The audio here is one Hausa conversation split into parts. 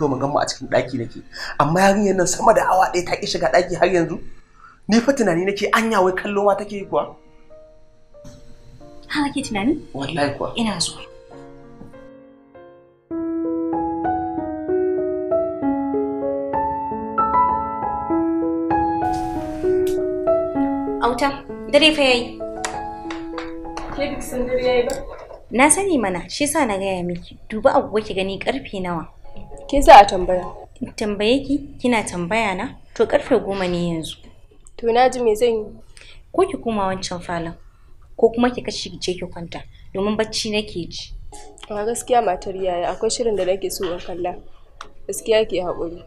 kawai mun mu a cikin ɗaki nake amma yarinyar nan sama da awa ɗaya ta ƙi shiga ɗaki har yanzu ni fa tunani nake anya wai kallo ma take yi kuwa ha nake tunani wallahi kuwa ina so. Auta, dare fa yayi. Ke duk sun dare yayi ba? Na sani mana, shi sa na gaya miki. Duba abubuwa ki gani karfe nawa. Ke za a tambaya? Tambaye ki, kina tambaya na? To karfe goma ne yanzu. To na ji me zan yi? Ko ki koma wancan falon, ko kuma ki kashe ki je ki kwanta, domin bacci nake ji. A gaskiya matar yaya akwai shirin da nake so in kalla. Gaskiya ki haƙuri.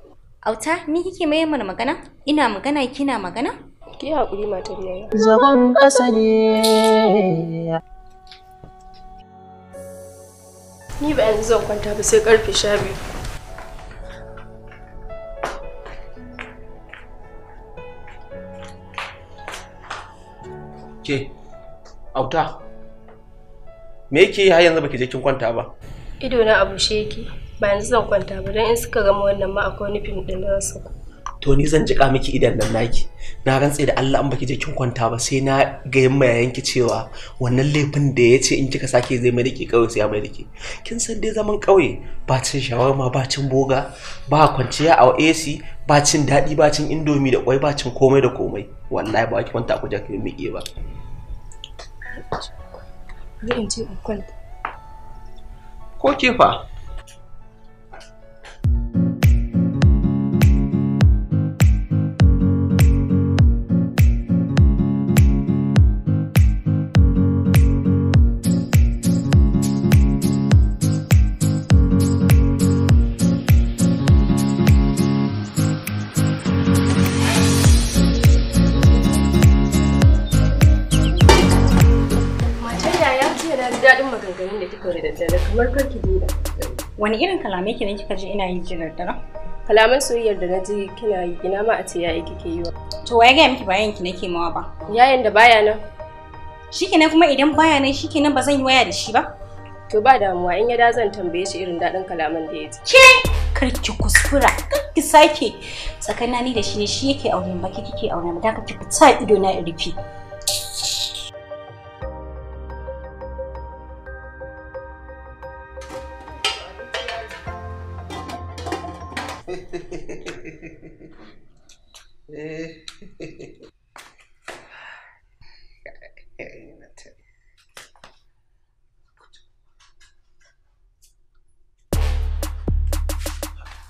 Auta, ni kike mai mana magana? Ina magana kina magana? Ki haƙuri matar yaya. Zagon ƙasa ne. Ni ba yanzu zan kwanta ba sai karfe sha biyu. Ke, auta, me yake har yanzu baki je kin kwanta ba? Ido na a bushe ba yanzu zan kwanta ba don in suka gama wannan ma akwai nufin fim ɗin da za su to ni zan jika miki idan nan naki na rantse da Allah an baki je kin kwanta ba sai na ga yamma yanki cewa wannan laifin da ya ce in kika sake zai mai dake kawai sai ya mai dake kin san dai zaman kauye ba cin shawarma ba cin boga ba kwanciya a AC ba cin daɗi ba cin indomi da kwai ba cin komai da komai wallahi ba ki kwanta ku jaka mai ba ko ke fa Barkar ki dida. Wani irin kalamai kenan kika ji ina yin ji daddare? Kalaman soyayyar da na ji kina yi ina ma a ce yayi kike yi wa. To waye ga miki bayan ki nake mawa ba? Yayin da baya nan. Shikenan kuma idan baya nan shikenan ba zan yi waya da shi ba? To ba damuwa in ya da zan tambaye shi irin daɗin kalaman da ya ji. Ke kar ki kuskura kar ki sake Tsakanin ni da shi ne shi yake auren baki kike auren ba da ka ki fita ido na rufe.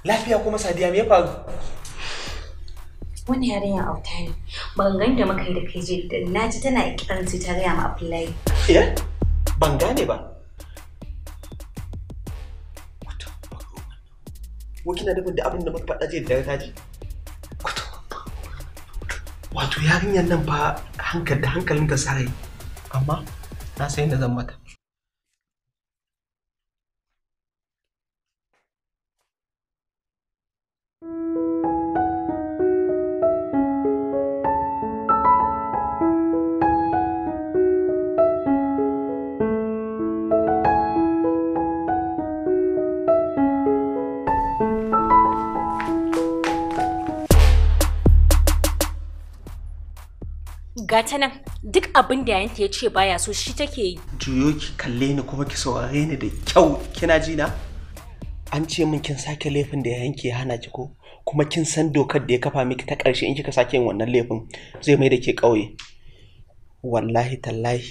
Lafiya kuma sadiya me ya faru? Wani yarinya auta ne. Ban ganta muka yi da kai je na ji tana ikiran sai ta gaya ma Abdullahi. Eh? Ban gane ba. ko da da abin da muka faɗa jiya da ta ji wato yarinyar nan fa hankali da hankalin ta sarai amma na san yadda zan mata ga ta nan duk abin da yanta ya ce baya so shi take yi juyo ki kalle ni kuma ki saurare ni da kyau kina ji na an ce min kin sake laifin da yanke ya hana ki ko kuma kin san dokar da ya kafa miki ta ƙarshe in kika sake yin wannan laifin zai mai da ke ƙauye wallahi tallahi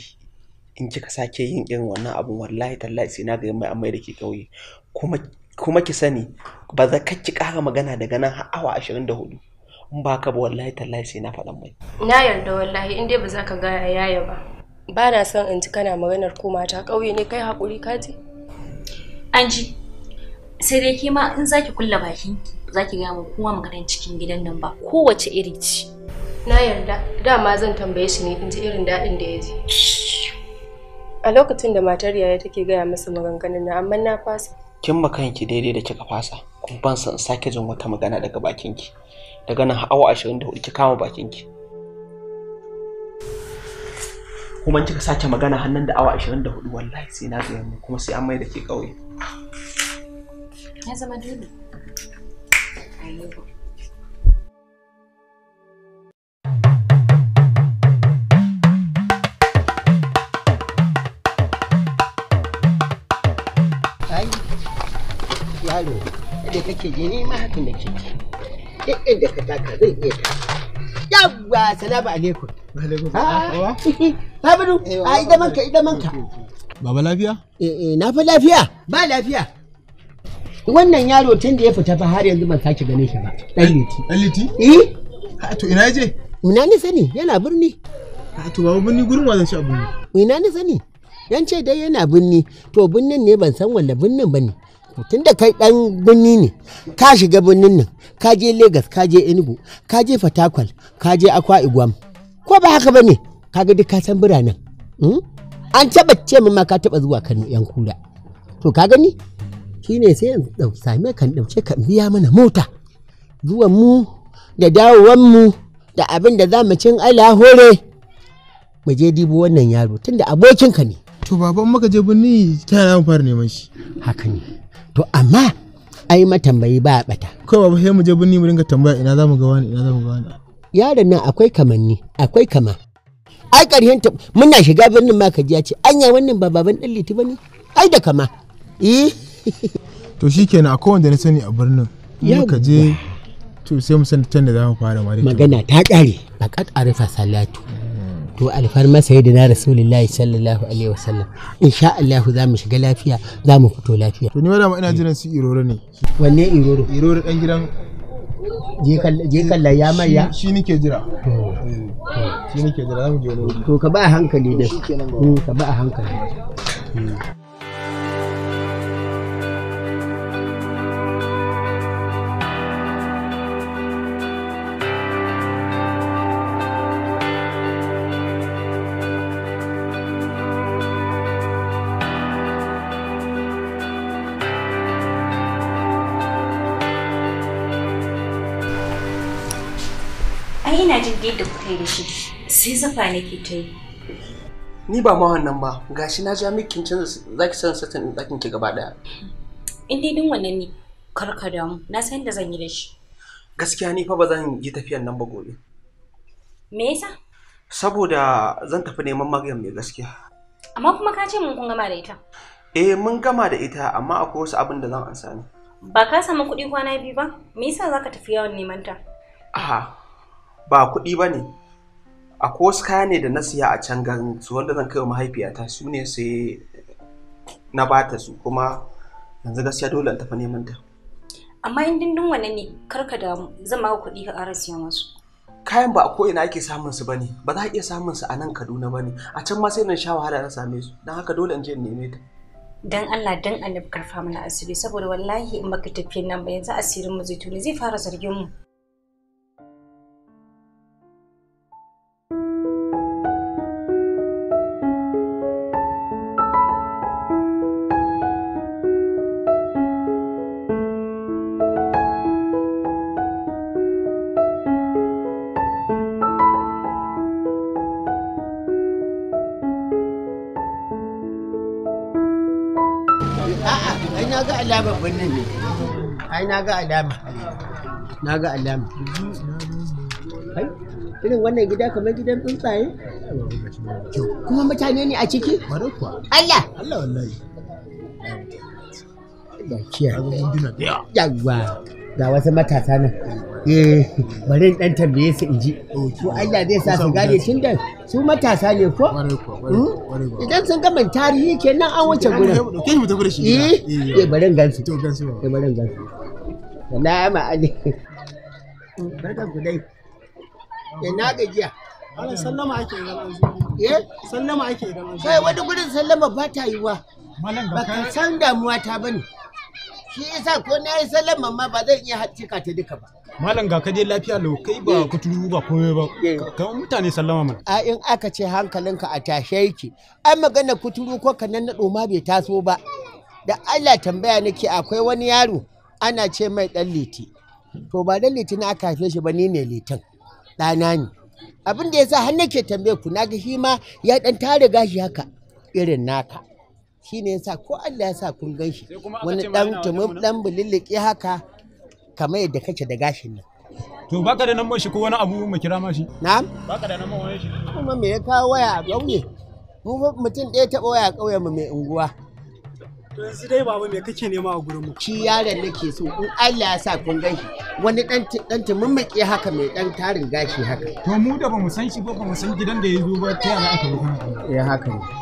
in kika sake yin irin wannan abun wallahi tallahi sai na ga mai amai da ke ƙauye kuma kuma ki sani ba za ka ki kara magana daga nan har awa 24 in ba ka ba wallahi tallahi sai na faɗan mai na yarda wallahi in dai ba za ka gaya yaya ba ba na son in ji kana maganar ko mata ƙauye ne kai haƙuri ka ji an ji sai dai ke ma in zaki kulla bakin zaki gaya mu kowa maganar cikin gidan nan ba kowace iri ce na yarda dama zan tambaye shi ne in ji irin daɗin da ya ji a lokacin da matar yaya take gaya masa maganganun na amma na fasa kin ma kanki daidai da kika fasa kun ban san sake jin wata magana daga bakinki daga nan awa hudu ki kama bakin ki kuma kika sake magana hannun da awa hudu wallahi sai na ga mu kuma sai an mai da ke kauye ya zama dole yaro da kake jini ma hakan haka nake duk inda ka taka zan iya ta yawwa salamu alaikum ah, Babalu, eh, a ida manka. Mm, mm, mm. Baba lafiya? Eh, eh na fi lafiya, ba lafiya. Wannan yaro tun da ya fita fa har yanzu ban sake ganin shi ba. Dan eh, liti. Dan liti? Eh. to ina je? Ina ni sani, yana birni. Ha to baba birni gurin wa zan ci abu. Ina ni sani. Yan ce dai yana birni, to birnin ne ban san wanda birnin bane. tunda kai dan birni ne ka shiga birnin nan ka je Legas ka je Enugu ka je Fatakwal ka je Akwa Igwam ko ba haka bane ga duk ka san biranen hmm? an taba ce min ma ka taba zuwa Kano yan kura to ka gani shi ne sai in same kan dauke ka biya mana mota zuwa mu da dawowan mu da abin da zamu cin ala hore mu je dibo wannan yaro tunda abokinka ne to baban maka je birni ta yaran fara neman shi haka ne to amma ai matambayi ba bata kawai babu sai mu je birni mu dinga tambaya ina zamu ga wani ina mu ga wani yaron nan akwai kamanni akwai kama ai ƙarshen ta muna shiga birnin ma ji ya ce anya wannan ba baban dan liti ne ai da kama eh to shikenan akwai wanda na sani a birnin ka je to sai mu san za mu fara magana ta kare fakat arifa salatu to alfarma na rasulullahi sallallahu alaihi wasallam insha Allah za mu shiga lafiya za mu fito lafiya to ni ma dama ina jiran su iroro ne wanne iroro iroro dan gidan je kalla ya maya shi nike jira shi nike jira za mu je wani to ka ba hankali da hmm, ka ba hankali hmm. ina jin yadda kuka yi da shi sai zafa nake ta yi ni ba ma wannan ba gashi na ja miki kin canza zaki san satan ɗakin ki gaba daya in dai din wannan ne karka da mu na san da zan yi da shi gaskiya ni fa ba zan yi tafiyan nan ba gobe me yasa saboda zan tafi neman magiyar mai gaskiya amma kuma ka ce mun kun gama da ita eh mun gama da ita amma akwai wasu abin da zan ansa ni. ba ka samu kuɗi kwana biyu ba me yasa zaka tafi yawon neman ta Aha, ba kuɗi ba ne akwai wasu kaya ne da na siya a can garin su wanda zan kai mahaifiyata su ne sai na bata su kuma yanzu gaskiya dole in tafi neman ta amma in dindin wane ne karka da zama kuɗi ka ƙara siyan wasu kayan ba a ko ina ake samun su bane ba za a iya samun su a nan Kaduna bane a can ma sai na sha wahala na same su Don haka dole an je in neme ta dan Allah dan annabi karfa mana asiri saboda wallahi in baka tafi nan ba yanzu asirin mu zai tuni zai fara zargin mu na ga alamar birnin ne ai na ga alama na ga alama ai irin wannan gida kamar gidan tsuntsaye kuma mutane ne a ciki Allah Allah wallahi da kiyaye yawa ga wasu matasa nan eh bari in dan tambaye su in ji to Allah zai sa su gane tun da su matasa ne ko hmm? idan sun gama tarihi kenan an wuce gurin ke mu tafi da shi eh, eh, eh bari in gansu to gansu eh bari in gansu wallahi ma ali barkan ku dai ina eh, gajiya Allah sallama ake idan an zo. Eh? Sallama ake idan an zo. Kai wani gurin sallama ba ta yiwa. Malam ba ka san damuwa ta bane. shi yasa ko na yi sallama ma ba zan iya cika ta duka ba malam ga ka lafiya lau kai ba eh. kuturu ba komai ba eh. kamar mutane sallama mana a in aka ce hankalinka a tashe yake An magana kuturu ko kanan na ma bai taso ba da Allah tambaya nake akwai wani yaro ana ce mai dan liti to ba dan liti na aka haife shi ba ni ne litin ɗana ne abin da yasa har nake tambaye ku na ga shi ma ya ɗan tare gashi haka irin naka shi ne sa ko Allah ya sa kun gan shi wani dan tumu dan bulillike haka kamar yadda kake da gashin nan to baka da nan shi ko wani abu mu kira ma shi na'am baka da namban wani shi kuma me ya kawo waya a ƙauye mu mutum ɗaya taɓa waya a ƙauyen mu mai unguwa to yanzu dai baba me kake nema a gurin mu shi yaron nake so in Allah ya sa kun shi wani dan dan tumummike haka mai dan tarin gashi haka to mu da bamu san shi ba bamu san gidan da ya zo ba ta yana aka yi ya eh, haka ne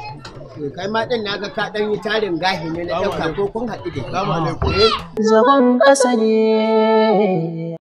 kai ma din naga ka dan yi tarin gahi ne na ɗauka ko kun haɗu da eh. zagon ƙasa ne